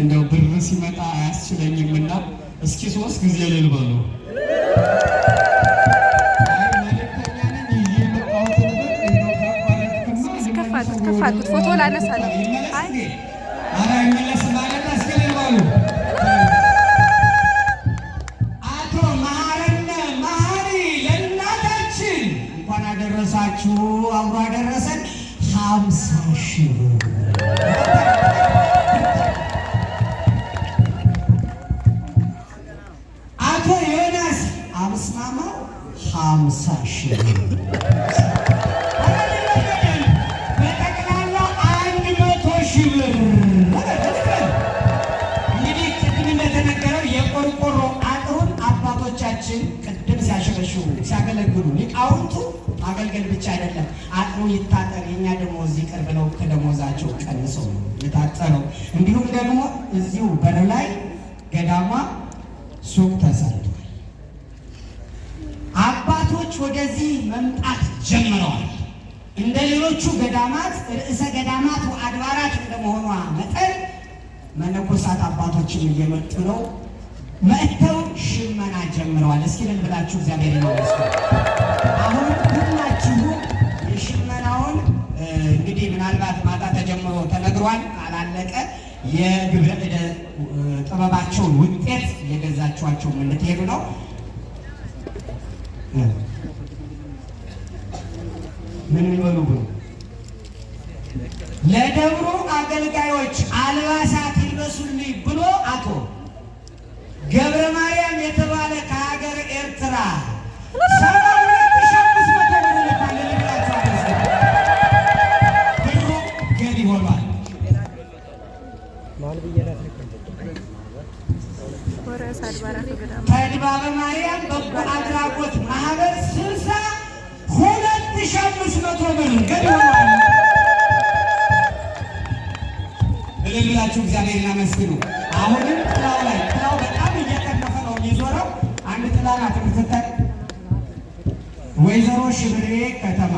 እንደው ብር ሲመጣ አያስችለኝም እና እስኪ ሶስት ጊዜ ልል በሉ አቶ መሐረነ መሐሪ ለእናታችን እንኳን አደረሳችሁ። አብሮ አደረሰን ሀምሳ ሺህ የተስማማው ሀምሳ በጠቅላላ አንድ መቶ ብር። እንግዲህ ቅድም እንደተነገረው የቆርቆሮ አጥሩን አባቶቻችን ቅድም ሲያሸበሽቡ ሲያገለግሉ ሊቃውንቱ አገልገል ብቻ አይደለም፣ አጥሩ ይታጠር፣ የኛ ደሞዝ ይቅር ብለው ከደሞዛቸው የታጠረው። እንዲሁም ደግሞ እዚሁ በር ላይ ገዳማ ሱቅ ተሰርቷል። ወደዚህ መምጣት ጀምረዋል። እንደ ሌሎቹ ገዳማት ርዕሰ ገዳማት አድባራት እንደመሆኗ መጠን መነኮሳት አባቶችን እየመጡ ነው። መጥተው ሽመና ጀምረዋል። እስኪ ልን ብላችሁ እግዚአብሔር ይመስገን። አሁን ሁላችሁ የሽመናውን እንግዲህ ምናልባት ማታ ተጀምሮ ተነግሯል፣ አላለቀ። የግብረ ዕደ ጥበባቸውን ውጤት እየገዛችኋቸው የምትሄዱ ነው። ምን ይበሉ ብሎ ለደብሩ አገልጋዮች አልባሳት ይልበሱልኝ ብሎ አቶ ገብረ ማርያም የተባለ ከሀገር ኤርትራ ገቢ ሆኗል። ተድባበ ማርያም በጎ አድራጎት ማህበር ስልሳ የተፈጥሮ መንገድ ይሆናል። ብለብላችሁ እግዚአብሔር እናመስግኑ። አሁንም ጥላው ላይ ጥላው በጣም እየቀነፈ ነው የሚዞረው። አንድ ጥላ ናት ምትታይ ወይዘሮ ሽብሬ ከተማ